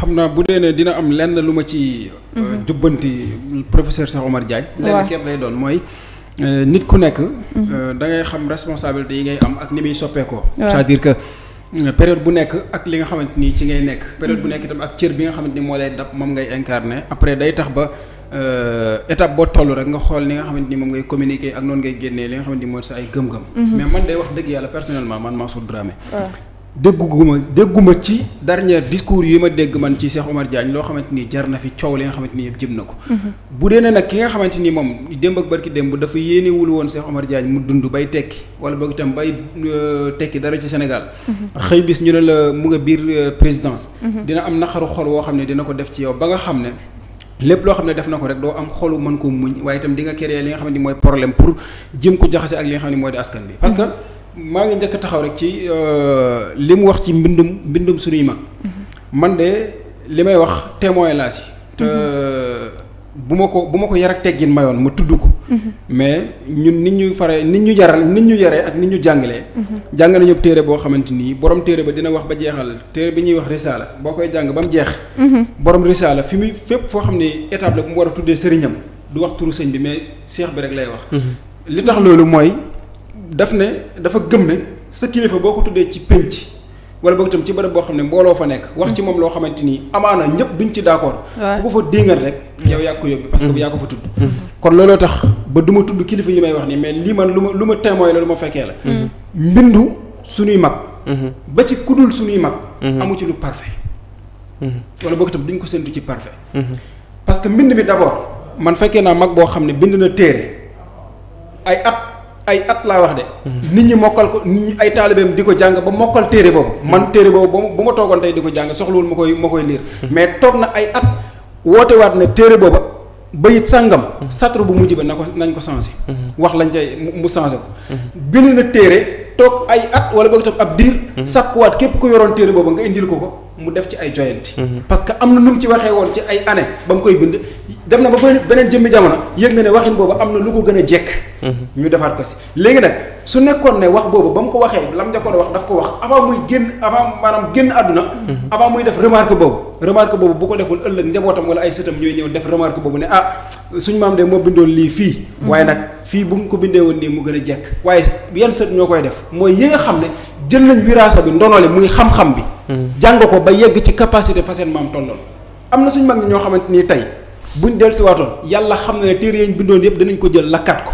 xam naa bu dee ne dina am lenn lu ma ci. Euh, mhm. jubbanti professeur Cheikh Omar Diagne. waaw lenn képp lay doon mooy. Euh, nit ku nekk. Mhm. Euh, da ngay xam responsabilité yi ngay am ak ni muy soppeekoo. cest dire que période bu nekk ak li nga xamante ni ci ngay nekk. période bu mhm. nekk itam ak cër bi nga xamante ni moo lay dab moom ngay incarner après day tax ba. étape boo toll rek nga xool ni nga xamante ni moom ngay communiquer ak noonu ngay génnee li nga xamante ni mooy sa ay gëm-gëm. mais man wax dëgg yàlla personnellement man Mansour Dramé. dégguma dégguma ci dernier discours yi ma dégg man ci seex Omar Diagne loo xamante ni jar na fi coow li nga xamante ni yëpp jëm na ko. Mhm. bu dee ne nag ki nga xamante ni moom démb ak barki démb dafa yéenewul woon Cheikh Omar Diagne mu dund bay tekki wala boog itam bay euh, tekki dara ci Sénégal. Mhm. xëy bis ñu ne la mu nga biir euh, présidence. Mhm. dina am naxaru xol woo xam ne dina ko def ci yow ba nga xam ne. lépp loo xam ne def na ko rek doo am xolu mën ko muñ waaye itam di nga créer li nga xamante mooy problème pour jëm ko jaxase ak li nga xam ne mooy di askan bi parce que. maa ngi njëkk taxaw rek ci euh, li mu wax ci mbindum mbindum suñuy mag mhm. man de li may wax témoin laa si te mhm. euh, bu ma ko bu ma ko yar ak teggin mayoon ma tudd ko mhm. mais ñun nit ñu fare nit ñu jaral nit ñu yaree ak nit ñu jàngalee jàng nañu téere boo xamante borom téere ba dina wax ba jeexal téere bi ñuy wax risaala boo koy jàng ba mu jeex borom risaala fi muy fépp foo xam ne étape la mu war a tuddee sëriñam du wax turu sëñ bi mais cheikh bi rek lay wax li tax loolu mooy daf ne dafa gëm ne sa kilifa boo ko tuddee ci pénc wala boog itam ci bërëb boo xam ne mbooloo fa nekk wax ci moom loo xamante ni amaana ñëpp duñ ci d'accord ku ko fa déngal rek yow yaa ko yóbbi parce que mm. yaa ko fa tudd mm. kon looloo tax ba du ma tudd kilifa yi may wax ni mais lii man lu ma lu ma témoin la lu ma fekkee la mm. mbindu suñuy mag mm-hmm. ba ci kudul suñuy mag mm-hmm. amu ci lu parfait mm-hmm. wala boog itam duñ ko séntu ci parfait parce que mbind bi d'abord man fekkee naa mag boo xam ne bind na téere ay at ay at laa wax de. nit ñi mokkal ko nit ñi ay taalibeem di ko jàng ba mokkal téere boobu. man téere boobu ba bu ma toogoon tey di ko jàng soxlawul ma koy ma koy liir. mais toog na ay at wootewaat ne téere booba it sàngam. satru bu mujj ba na ko nañ ko changé. wax lañ cay mu changé ko. bind na téere toog ay at wala boog itam ab diir. Mm-hmm. sàkkuwaat képp ku yoroon téere booba nga indil ko ko. mu def ci ay joyanti mhm. parce que am na nu mu ci waxee woon ci ay ane ba mu koy bind dem na ba beneen jëmmi jamono yëg nga ne waxin boobu am na lu ko gën a jekk mhm. ñu defaat ko si léegi nag su nekkoon ne wax boobu ba mu ko waxee lam njëkkoon wax daf ko wax avant muy génn avant maanaam génn àdduna mhm. avant muy def remarque boobu remarque boobu bu ko deful ëllëg njabootam wala ay sëtam ñooy ñëw def remarque boobu ne ah suñu maam de moo bindoon lii fii waaye nag fii bu mu ko bindee nii mu gën a jekk waaye yan sët ñoo koy def mooy yi nga xam ne jël nañ wiraasa bi ndono li muy xam-xam bi jàng ko ba yegg ci capacité fa seen maam tolloon am na suñ mag ñi ñoo xamante ni tey buñ dellusiwaatoon yàlla xam na ne téere yañ bindoon yëpp danañ ko jël lakkat ko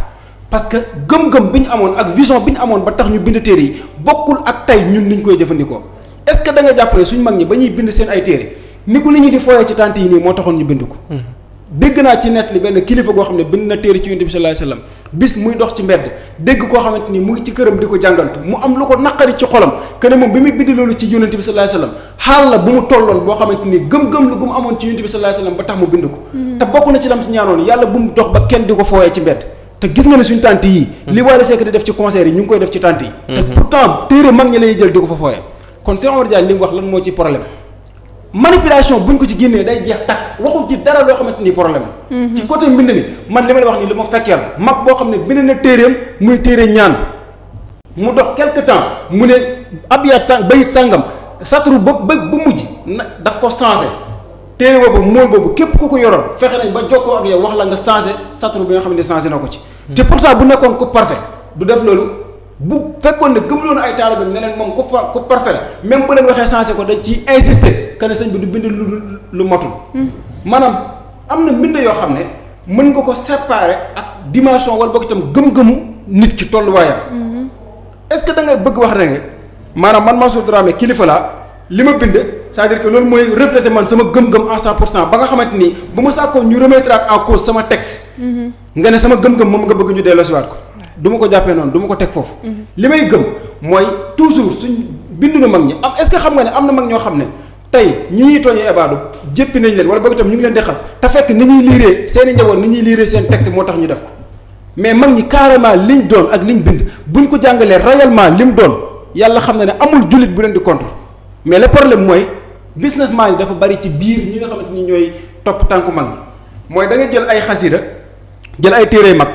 parce que gëm-gëm bi ñu amoon ak vision bi ñu amoon ba tax ñu bind téere yi bokkul ak tey ñun niñ koy jëfandikoo est-ce que da nga jàpp ne suñ mag ñi ba ñuy bind seen ay téere ni ko li ñu di fooyee ci tànt yi nii moo taxoon ñu bind ko hmm. dégg naa ci net li benn kilifa goo xam ne bind na téere ci yonent bi sallallahu alayhi bis muy dox ci mbedd dégg koo xamante ni mu ngi ci këram di ko jàngantu mu am lu ko naqari ci xolam que ne moom bi muy bind loolu ci yonent bi sallallahu alayhi wasallam xaal la bu mu tolloon boo xamante ni gëm-gëm lu gu mu amoon ci yonent bi sallallahu alayhi wasallam ba tax mu bind ko mm-hmm. te bokk na ci lam ci ñaanoon yàlla bu mu dox ba kenn di ko fooyee ci mbedd te gis nga ne suñu tànt mm-hmm. def ci concert yi ñu ngi koy def ci tànt yi te mm-hmm. pourtant wax lan moo ci problème manipulation ñu ko ci génnee day jeex takk waxul ci dara loo xamante ni problème la. Mhm. ci côté mbind mi man li ma la wax nii li ma fekkee la mag boo xam ne bind na téeréem muy téere ñaan mu dox quelque temps mu ne abiyat sa bayit sàngam satru ba ba bu mujj na daf ko changé téere boobu mool boobu képp ku ko yoroon fexe nañ ba jokkoo ak yow wax la nga changé satru bi nga xam ne changé na ko ci. Mhm. te pourtant bu nekkoon ko parfait du def loolu. bu fekkoon ne gëmloon ay taalibe ne moom ku fa ku parfait la même bu leen waxee sensé ko dañ ci insister que ne sëñ bi du bind lu lu motul. Hmm. maanaam am na mbind yoo xam ne mën nga ko séparer ak dimension wala boog itam gëm-gëmu nit ki tolluwaayam. Hmm. est-ce que da bëgg wax rek ne maanaam man ma Mansour Dramé kilifa laa li ma bind c'est-à-dire que loolu mooy refléter man sama gëm-gëm en 100 pour cent ba nga xamante ni bu ma sàkkoo ñu remettre en cause sama tex hmm. nga ne sama gëm-gëm moom nga bëgg ñu delloosiwaat ko. du ma ko jàppee noonu duma ko teg foofu. li may gëm mooy toujours suñ bindu na mag ñi am est-ce que xam nga ne am na mag ñoo xam ne tey ñi ñuy tooñee ebaadu jéppi nañ leen wala boog itam ñu ngi leen di xas te fekk ni ñuy liiree seen i njaboot ñuy liiree seen texte moo tax ñu def ko mais mag ñi carrément liñ doon ak ñu bind bu ñu ko jàngalee li mu doon yàlla xam na ne amul jullit bu leen di contre mais le problème mooy businessman yi dafa bari ci biir ñi nga xamante ni ñooy topp tànku mag mooy da nga jël ay xasida jël ay téere mag.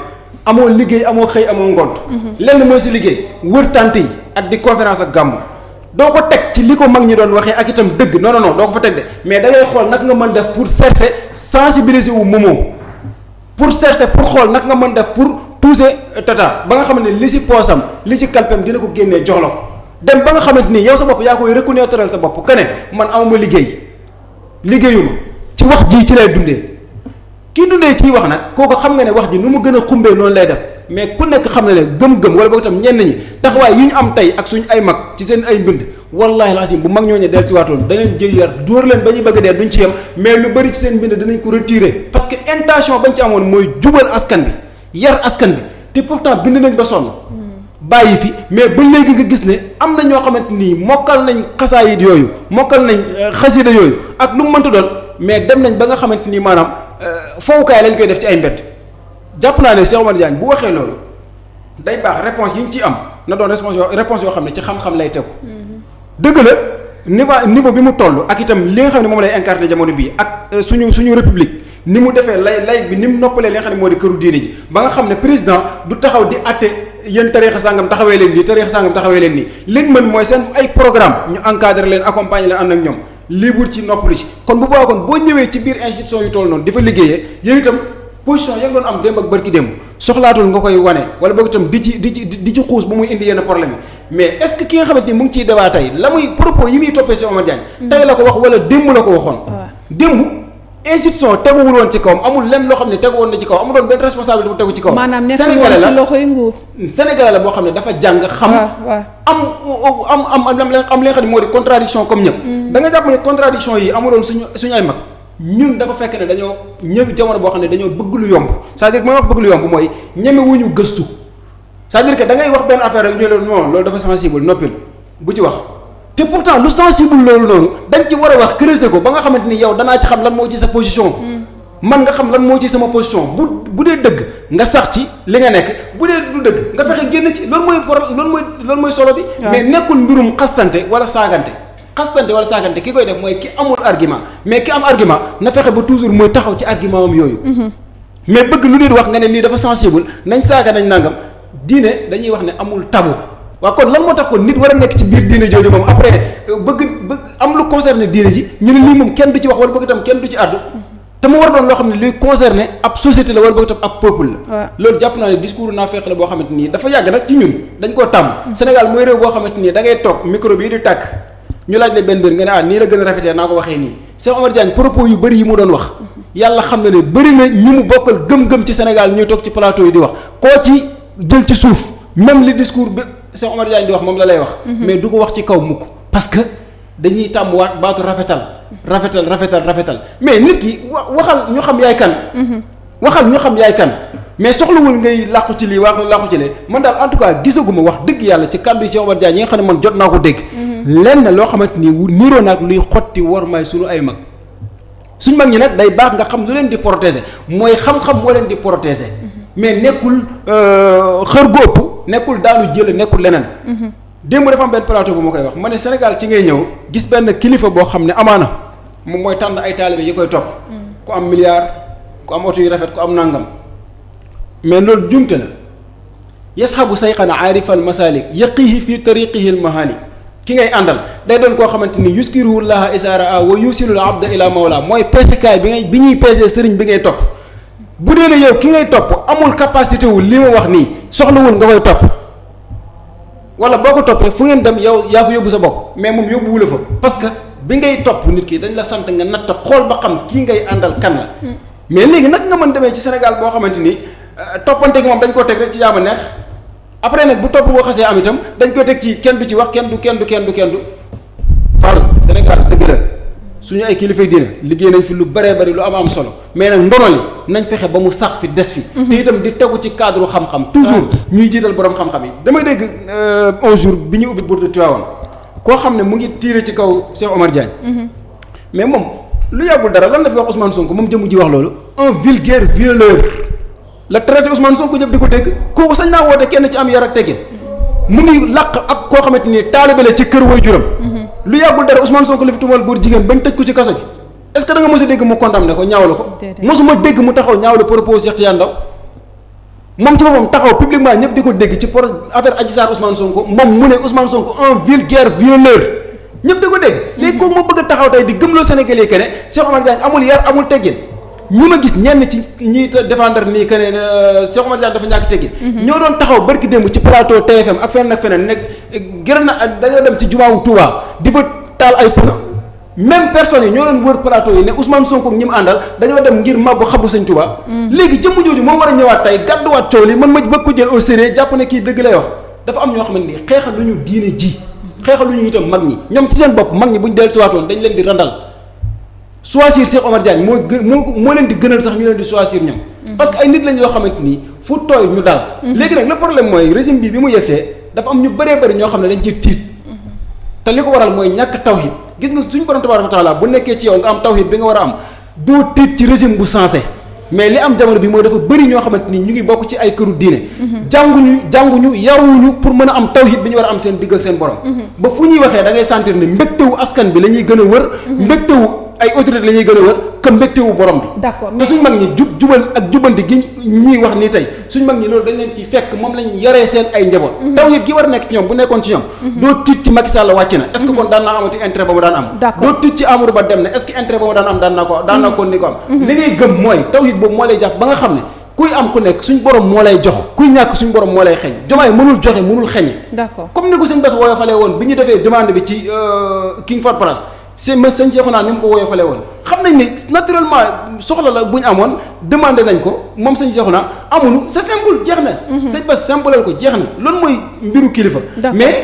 amo liggéey amo xëy amo ngont lenn moy ci liggéey wër tànt ak di conférence ak gàmmu doko tek ci liko ko mag ñi ak itam deug non non non doko fa tek de mais da ngay xool nag nga meun def pour chercher sensibiliser wu momo pour chercher pour xol nak nga meun def pour pousser euh, tata ba nga xamné li ci posam li ci kalpem dina ko génnee joxlo ko dem ba nga xamné yow sa bopp yaa koy reconnaître sa bop que ne man amuma liguey ligueyuma ci wax ji ci lay dundé kii dundee ciy wax nag kooku xam nga ne wax ji nu mu gën a xumbee noonu lay def mais ku nekk xam na ne gëm-gëm wala boog itam ñenn ñi taxawaay yi ñu am tey ak suñu ay mag ci seen ay mbind wallahi laasim bu mag ñooñu del si waatoon danañ jël yar dóor leen ba ñu bëgg dee duñ ci yem mais lu bëri ci seen mbind danañ ko retirer parce que intention bañ ci amoon mooy jubal askan bi yar askan bi te pourtant bind nañ ba sonn bàyyi fi mais ba léegi nga gis ne am na ñoo xamante nii mokkal nañ xasaayit yooyu mokkal nañ euh, xasida yooyu ak lu mu mënta doon mais dem nañ ba xamante nii maanaam Euh, fowukaay lañ koy def ci ay mbedd japp naa ne Cheikh Oumar Diagne bu waxé lolu day baax réponse yiñ ci am na doon réponse yoo réponse yo xamné ci xam-xam lay tegu mm-hmm. dëgg la niveau bi mu tollu ak itam li nga xamné mom lay incarné jamono bi ak euh, suñu suñu république ni mu defee lay lay bi ni noppalé li nga xamné ne moo di ji ba nga xamné président du taxaw di àtte yeen tariixa sangam taxawé leen nii tariixa sangam taxawé leen ni léegi mën moy sen ay programme ñu encadrer leen accompagner leen and ak ñom libre ci noppalu ci kon bu boobaa kon boo ñëwee ci biir institution yu toll noonu di fa liggéeyee yow itam position ya nga doon am démb ak barki démb soxlaatul nga koy wane wala boo itam di ci di ci di ci xuus bu muy indi yenn problème yi mais est-ce que ki nga xamante ni mu ngi ciy débat tey la muy propos yi muy toppee si Omar Diagne. tey la ko wax wala démb la ko waxoon. démb. institution teguwul woon ci kawam amul lenn loo xam ne tegu woon na ci kawam amul woon benn responsabilité bu tegu ci kawam. maanaam nekkul woon hmm, ne dafa jàng xam. am am am am am xam ne moo di contradiction comme ñëpp. Hmm. da jàpp ne contradiction yi amuloon suñu suñu ay mag. ñun dafa fekk ne dañoo ñëpp jamono boo xam ne dañoo bëgg lu yomb c'est-à-dire mooy wax bëgg lu yomb mooy ñeme gëstu c'est-à-dire que da ngay wax benn affaire rek ñu ne non loolu dafa sensible noppil bu ci wax. te pourtant lu sensible loolu noonu dañ ci war a wax creuser ko ba nga xamante ni yow danaa ci xam lan moo ci sa position. Hmm. man nga xam lan moo ci sama position bu bu dee dëgg nga sax ci li nga nekk bu dee du dëgg nga fexe génn ci loolu mooy problème loolu mooy loolu mooy solo bi. mais nekkul mbirum xastante wala saagante. xastante wala saagante ki koy def mooy ki amul argument mais ki am argument na fexe ba toujours mooy taxaw ci argument am yooyu. Mm-hmm. mais bëgg lu nit wax nga ne lii dafa sensible nañ saaga nañ nangam diine dañuy wax ne amul tabu. waaw kon lan moo tax kon nit war a nekk ci biir diine jooju moom après euh, bëgg bëgg am lu concerné diine ji ñu ne lii moom kenn du ci wax wala bëgg tam kenn du ci àddu te ma war doon loo xam ne luy concerné ab société la wala bëgg tam ab peuple la loolu jàpp naa ne discours naa feeq la boo xamante nii dafa yàgg nag ci ñun dañ koo tàmm mm. Sénégal mooy réew boo xamante nii dangay ngay toog micro bii di tàkk ñu laaj la benn mbir nga ne ah nii la gën a rafetee naa ko waxee nii Cheikh Omar Diagne propos yu yi mu doon wax yàlla xam na ne bëri na ñu mu bokkal gëm-gëm ci Sénégal ñuy toog ci plateau yi di wax koo ci jël ci suuf même li discours bi Cheikh Omar Diagne di wax moom la lay wax. Mhm. mais du ko wax ci kaw mukk parce que dañuy tàmmuwaat baatu rafetal. Mhm. rafetal rafetal rafetal mais nit ki wa waxal ñu xam yaay kan. Mhm. waxal ñu xam yaay kan. mais soxlawul ngay làqu ci lii waaw làqu ci lee man daal en tout cas gisaguma wax dëgg yàlla ci kàddu Cheikh Omar Diagne yi nga xam ne man jot naa ko dégg. lenn loo xamante ni wu ak naag luy xotti war may suñu ay mag. suñu mag ñi nag day baax nga xam lu leen di protéger mooy xam-xam moo leen di protéger mais nekkul euh, xër gu ëpp nekul daanu jël nekul leneen. dembu dafa am ben plateau bu ma koy wax mané Sénégal ci ngay ñëw gis ben kilifa bo xamné amana amaana moy tand ay talibé yi koy top ku am milliard ku am auto yu rafet ku am nangam mais lool jumte la yashabu sayqan sayxan al masalik yaqihi fi tariqihi al mahali ki ngay àndal day doon koo xamante ni yuskiruhu llaha isaraa wa yusilul abda ila mawla mooy peesekaay bi ngay bi ñuy peesee sëriñ bi ngay topp bu dee ne yow ki ngay topp amul capacité wu li ma wax nii. soxlawul nga koy topp wala boo ko toppee fu ngeen dem yow yaa fa yóbbu sa bopp mais moom yóbbuwu la fa parce que bi ngay topp nit ki dañ la sant nga natt xool ba xam kii ngay àndal kan la. Hmm. mais léegi nag nga mën demee ci Sénégal boo xamante ni euh, toppante gi moom dañ koo teg rek ci jaama neex après nag bu topp boo xasee am itam dañ koo teg ci kenn du ci wax kenn du kenn du kenn du kenn du. Sénégal suñu ay kilifa dina liggéey nañ fi lu bëree bëri lu am am solo mais nak ndono li nañ fexe ba mu sax fi dess fi. te itam di téggu ci cadre xam-xam. toujours ñuy jital borom xam-xam yi. dama dégg euh un jour biñu ñu ubbi Bourde tiawon ko xamné mu ngi tiré ci kaw Cheikh Omar Diagne. mais mom lu yagul dara lan la fi wax Ousmane Sonko mom jëm ji wax lolu un vulgaire violeur la traité Ousmane Sonko ñëpp di ko dégg kooku sañ naa woote kenn ci am yar ak teggin mu ngi làq ak ko xamante ni taalibe la ci kër waajuram lu yagul dara Ousmane Sonko li fi gor jigen jigéen bañ tëj ko ci kasso est-ce que da nga mos a dégg mu condamné ko ñaawlu ko. mosuma dégg mu taxaw ñaawlu propos Cheikh Tidiane Ndao moom ci mom taxaw publiquement ñep diko ko dégg ci affaire Adji sar Ousmane Sonko mom mu ne Ousmane Sonko un vulgaire violeur ñep diko ko dégg. léegi kooku ma bëgg taxaw tay di gëmlo Sénégalais kené Cheikh Omar Diagne amul yar amul teggin ñi ma gis ñenn ci ñi défendre nii que ne euh, Cheikh Oumar Diagne dafa ñàkk teggi mhm. ñoo doon taxaw barki démb ci plateau TFM ak feneen ak feneen nekk gërëm na dañoo dem ci jumaawu Touba di fa taal ay pneu même personnes yi ñoo doon wër palaato yi ne Ousmane Sonko ak ñi àndal dañoo dem ngir mabbu xabu Sëñ Tuubaa mhm. léegi jëmm jooju moo war a ñëwaat tey gàdduwaat coow li man ma bëgg ko jël au sérieux jàpp ne kii dëgg lay wax dafa am ñoo xamante ni xeexal lu ñu diine ji xeexal lu ñu itam mag ñi ñoom ci seen bopp mag ñi bu ñu dellusiwaatoon dañ leen di randal choisir Cheikh Omar Diagne moo gën moo moo leen di gënal sax ñu leen di choisir ñoom. Mm-hmm. ñu dal. Mm-hmm. léegi nag le problème mooy régime bi bi mu yegsee dafa am ñu bëree bëri ñoo xam ne dañ mm-hmm. ko waral mooy ñàkk tawhid gis nga mais jamono bi mooy dafa bëri ñoo xamante ni ñu ngi bokk ci ay këru diine. jànguñu jànguñu yaruñu pour mën a am tawhid bi ñu war a am seen digg ak seen borom. ba fu ñuy waxee da ngay sentir ne mbégtewu askan bi la gën a wër. mbégtewu ay autorités la ñuy a wër que mbégtewu borom bi. d'accord te suñ mag ñi jub jubal ak jubanti gi ñii wax nii tey suñ mag ñi loolu dañ leen ci fekk moom lañ yaree seen ay njaboot. taw mhm. yit gi war nekk ci ñoom bu nekkoon ci ñoom. Mhm. doo tiit ci Macky Sall wàcc na. Mhm. na est-ce que intérêt ba mu daan am daan naa ko daan gëm mooy taw boobu moo lay jàpp ba nga xam ne kuy am ku nekk suñ borom moo lay jox kuy ñàkk suñ borom moo lay xeeñ jomaay mënul joxe mënul xeñe d'accord comme ni ko seen bés wooyo woon bi ñu defee demande bi ci euh, King c'est ma sëñ naa ni mu ko woyofale woon xam nañ ni naturellement soxla la bu ñu amoon demandé nañ ko moom sëñ naa amulu c'est simple jeex na. Mhm. sëñ ba simpleel ko jeex na loolu mooy mbiru kilifa. mais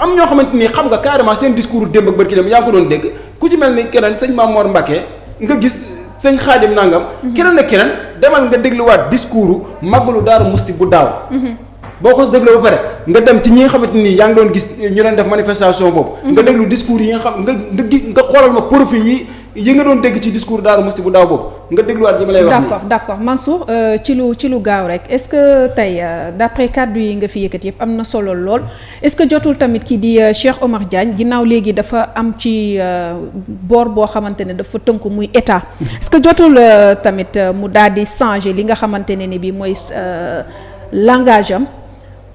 am ñoo xamante ni xam nga carrément seen discours démb ak barki dem yaa ngi ko doon dégg ku ci mel ni keneen sëñ Mamor Mbacké nga gis sëñ Xaadim Nangam. Mhm. keneen na keneen demal nga dégluwaat discours màggalu Daaru Musti bu daaw. Mhm. boko deglu ba pare nga dem ci ñi nga xamanteni yaang doon gis ñu leen def manifestation bobu mhm. nga deglu discours yi nga xam nga nga xolal ma profil yi yi nga doon deg ci discours daaru musti bu daaw bobu nga deglu wat lay wax d'accord d'accord mansour euh, ci lu ci lu gaaw rek est-ce que tay euh, d'après cadre yi nga fi yëkëti yëp amna solo lool est-ce que jotul tamit ki di euh, cheikh omar diagne ginaaw legi dafa am ci bor bo xamanteni dafa teunk muy état est-ce que jotul tamit mu daldi changer li nga xamanteni ni bi moy langage am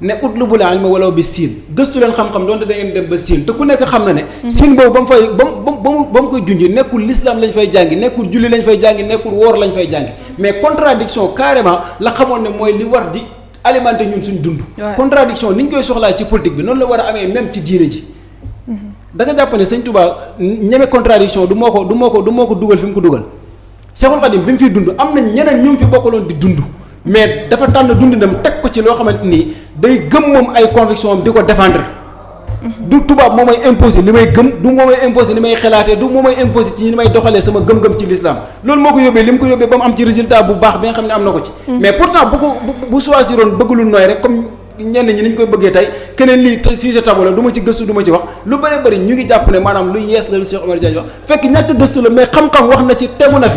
ne utlubul ilma walaw bi siin gëstu leen xam-xam doonte da ngeen dem ba siin te ku nekk xam na ne siin boobu ba mu fay ba mu ba mu ba mu koy junj nekkul l'islam lañ fay jàngi nekkul julli lañ fay jàngi nekkul woor lañ fay jàngi mais contradiction carrément la xamoon ne mooy li war di alimenter ñun suñ dund contradiction ni ñu koy soxlaa ci politique bi noonu la war a amee même ci diine ji mm-hmm. da nga jàpp ne sëñ Touba ñeme contradiction du moo ko d moo ko du moo ko dugal fi mu ko dugal Seexul Xadim bi mu fiy dund am nañ ñeneen ñu mu fi bokkaloon di dund mais dafa tan dundinam tek ko ci lo day ay conviction am défendre. Mhm. du tubaab momay may imposé gëm du momay imposer imposé du ci ni may sama gëm-gëm ci l'islam moko yobé que ko yobé bam am ci résultat bu bi nga am ci. Mhm. mais pourtant bu bu choisiroon rek comme ñen ñi koy sujet la ci ci wax lu ñu ngi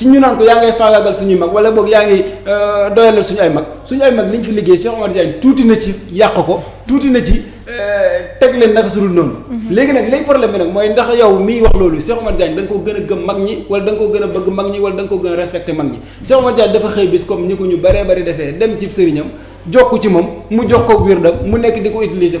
ci ñu naan ko yaa ngay faagaagal suñuy mag wala boog yaa ngi euh, doyalal suñu ay mag suñu ay mag liñ fi liggéey Cheikh Omar Diagne tuuti na ci yàq ko tuuti na ci euh, teg leen nag su dul noonu. Mhm. léegi nag lay problème bi nag mooy ndax yow miy wax loolu Cheikh Omar Diagne da nga gën gëm mag ñi wala da koo ko gën a bëgg mag ñi wala da nga ko gën a respecté mag ñi Cheikh Omar dafa xëy bis comme ñi ko ñu baree bari defee dem cib sëriñam jokku ci moom mu jox ko wirdam mu nekk di ko utiliser